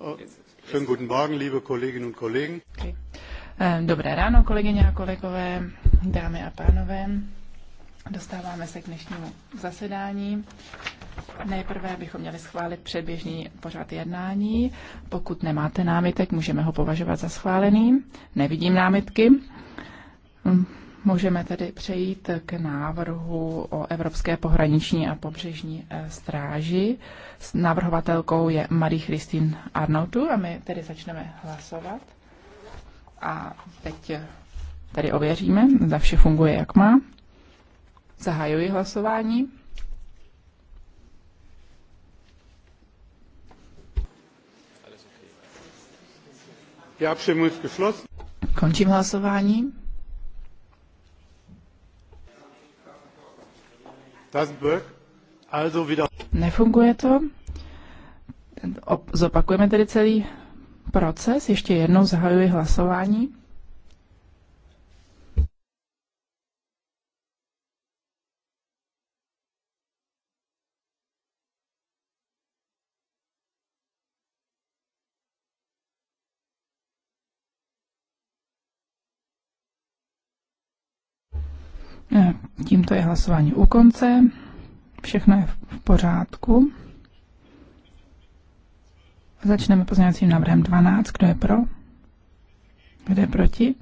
Äh, eh, dobré ráno, kolegyně a kolegové, dámy a pánové. Dostáváme se k dnešnímu zasedání. Nejprve bychom měli schválit předběžný pořad jednání. Pokud nemáte námitek, můžeme ho považovat za schválený. Nevidím námitky. Hm. Můžeme tedy přejít k návrhu o Evropské pohraniční a pobřežní eh, stráži. S navrhovatelkou je Marie Christine Arnautu a my tedy začneme hlasovat. A teď eh, tady ověříme, zda vše funguje, jak má. Zahajuji hlasování. Já přijmu Končím hlasování. Nefunguje to? Zopakujeme tedy celý proces. Ještě jednou zahajuji hlasování. No, Tímto je hlasování u konce. Všechno je v pořádku. Začneme pozměňovacím návrhem 12. Kdo je pro? Kdo je proti?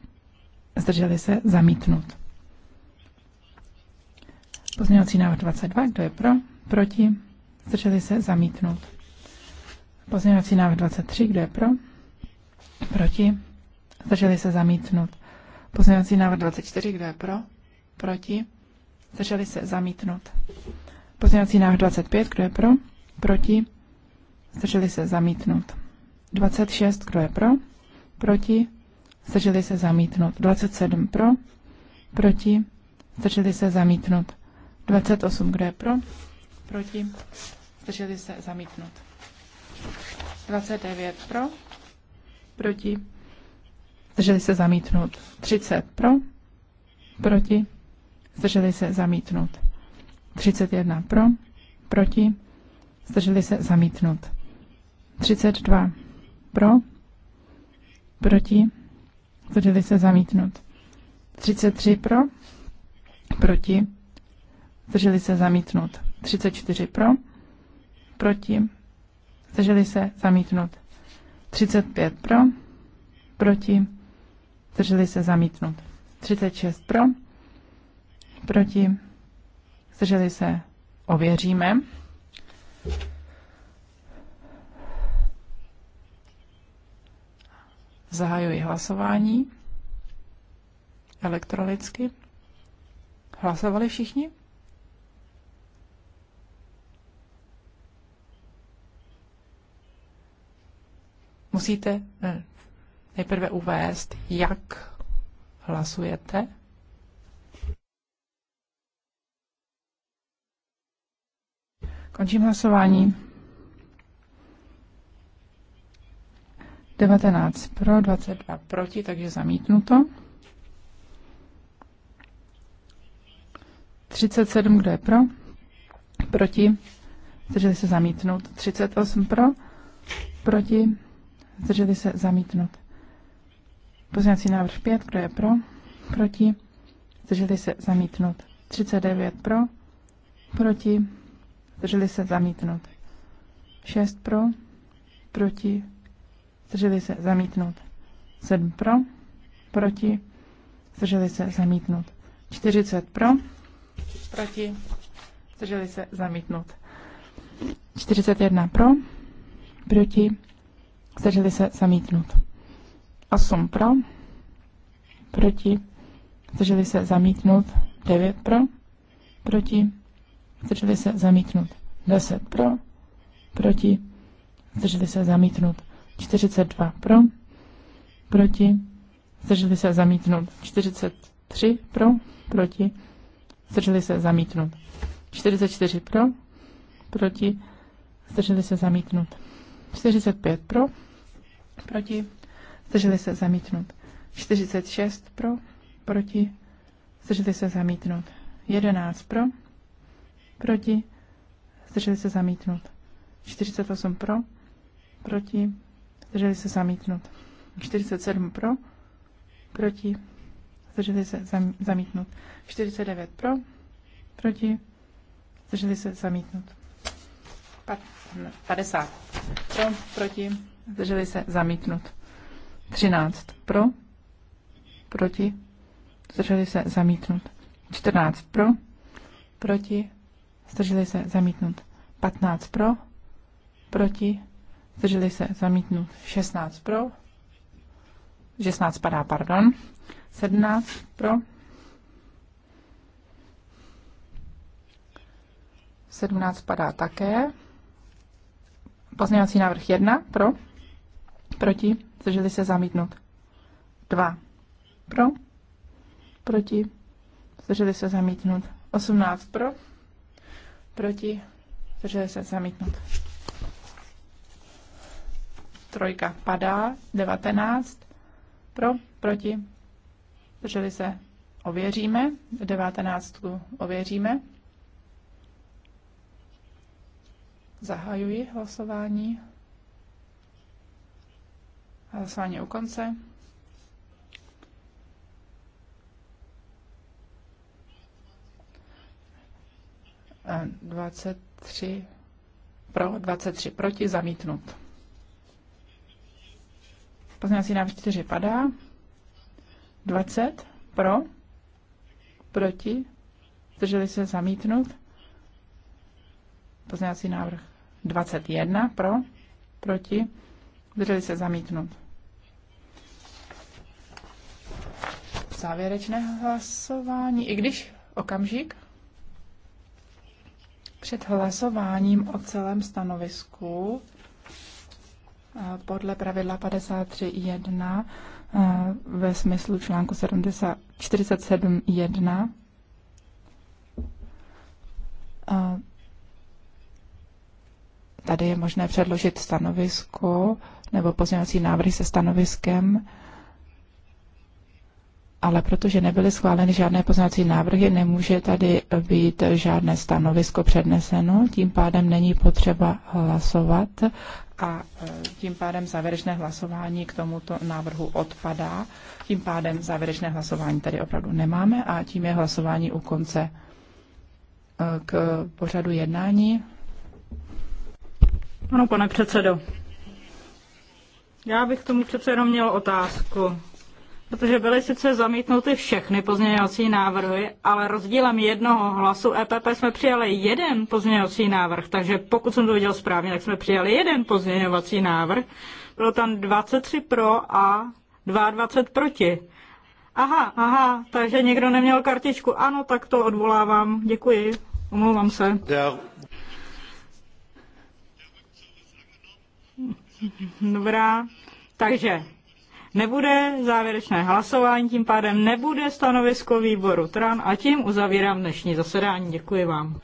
Zdrželi se zamítnout. Pozměňovací návrh 22. Kdo je pro? Proti? Zdrželi se zamítnout. Pozměňovací návrh 23. Kdo je pro? Proti? Zdrželi se zamítnout. Pozměňovací návrh 24. Kdo je pro? Proti? Zdrželi se zamítnout. Pozměňovací návrh 25, kdo je pro? Proti? Zdrželi se zamítnout. 26, kdo je pro? Proti? Zdrželi se zamítnout. 27 pro? Proti? Zdrželi se zamítnout. 28, kdo je pro? Proti? Zdrželi se zamítnout. 29 pro? Proti? Zdrželi se zamítnout. 30 pro? Proti? zdrželi se zamítnout. 31 pro, proti, zdrželi se zamítnout. 32 pro, proti, zdrželi se zamítnout. 33 pro, proti, zdrželi se zamítnout. 34 pro, proti, zdrželi se zamítnout. 35 pro, proti, zdrželi se zamítnout. 36 pro, proti, zdrželi se, ověříme. Zahajuji hlasování elektronicky. Hlasovali všichni? Musíte eh, nejprve uvést, jak hlasujete. Končím hlasování. 19 pro, 22 proti, takže zamítnuto. 37, kdo je pro? Proti. Zdrželi se zamítnout. 38 pro. Proti. Zdrželi se zamítnout. Pozměňovací návrh 5, kdo je pro? Proti. Zdrželi se zamítnout. 39 pro. Proti zdrželi se zamítnout. 6 pro, proti, zdrželi se zamítnout. 7 pro, proti, zdrželi se zamítnout. 40 pro, proti, zdrželi se zamítnout. 41 pro, proti, zdrželi se zamítnout. 8 pro, proti, zdrželi se zamítnout. 9 pro, proti, zdrželi se zamítnut. 10 pro, proti, zdrželi se zamítnut. 42 pro, proti, zdrželi se zamítnut. 43 pro, proti, zdrželi se zamítnut. 44 pro, proti, zdrželi se zamítnut. 45 pro, proti, zdrželi se zamítnut. 46 pro, proti, zdrželi se zamítnut. 11 pro, proti, zdrželi se zamítnout. 48 pro, proti, zdrželi se zamítnout. 47 pro, proti, zdrželi se zamítnout. 49 pro, proti, zdrželi se zamítnout. 50 pro, proti, zdrželi se zamítnout. 13 pro, proti, zdrželi se zamítnout. 14 pro, proti, zdrželi se zamítnut 15 pro, proti, zdrželi se zamítnut 16 pro, 16 padá, pardon, 17 pro, 17 padá také, pozměňovací návrh 1 pro, proti, zdrželi se zamítnut 2 pro, proti, zdrželi se zamítnout 18 pro, proti, zdrželi se zamítnout. Trojka padá, 19 pro, proti, zdrželi se ověříme, 19 ověříme. Zahajuji hlasování. Hlasování u konce. 23 pro, 23 proti, zamítnut. Pozměňovací návrh 4 padá. 20 pro, proti, zdrželi se zamítnut. Pozměňovací návrh 21 pro, proti, zdrželi se zamítnut. Závěrečné hlasování, i když okamžik. Před hlasováním o celém stanovisku podle pravidla 53.1 ve smyslu článku 47.1 Tady je možné předložit stanovisko nebo pozměňovací návrhy se stanoviskem ale protože nebyly schváleny žádné poznací návrhy, nemůže tady být žádné stanovisko předneseno, tím pádem není potřeba hlasovat a e, tím pádem závěrečné hlasování k tomuto návrhu odpadá. Tím pádem závěrečné hlasování tady opravdu nemáme a tím je hlasování u konce e, k pořadu jednání. Ano, pane předsedo. Já bych tomu přece jenom měl otázku protože byly sice zamítnuty všechny pozměňovací návrhy, ale rozdílem jednoho hlasu EPP jsme přijali jeden pozměňovací návrh, takže pokud jsem to viděl správně, tak jsme přijali jeden pozměňovací návrh. Bylo tam 23 pro a 22 proti. Aha, aha, takže někdo neměl kartičku. Ano, tak to odvolávám. Děkuji. Omlouvám se. Dobrá. Takže nebude závěrečné hlasování, tím pádem nebude stanovisko výboru TRAN a tím uzavírám dnešní zasedání. Děkuji vám.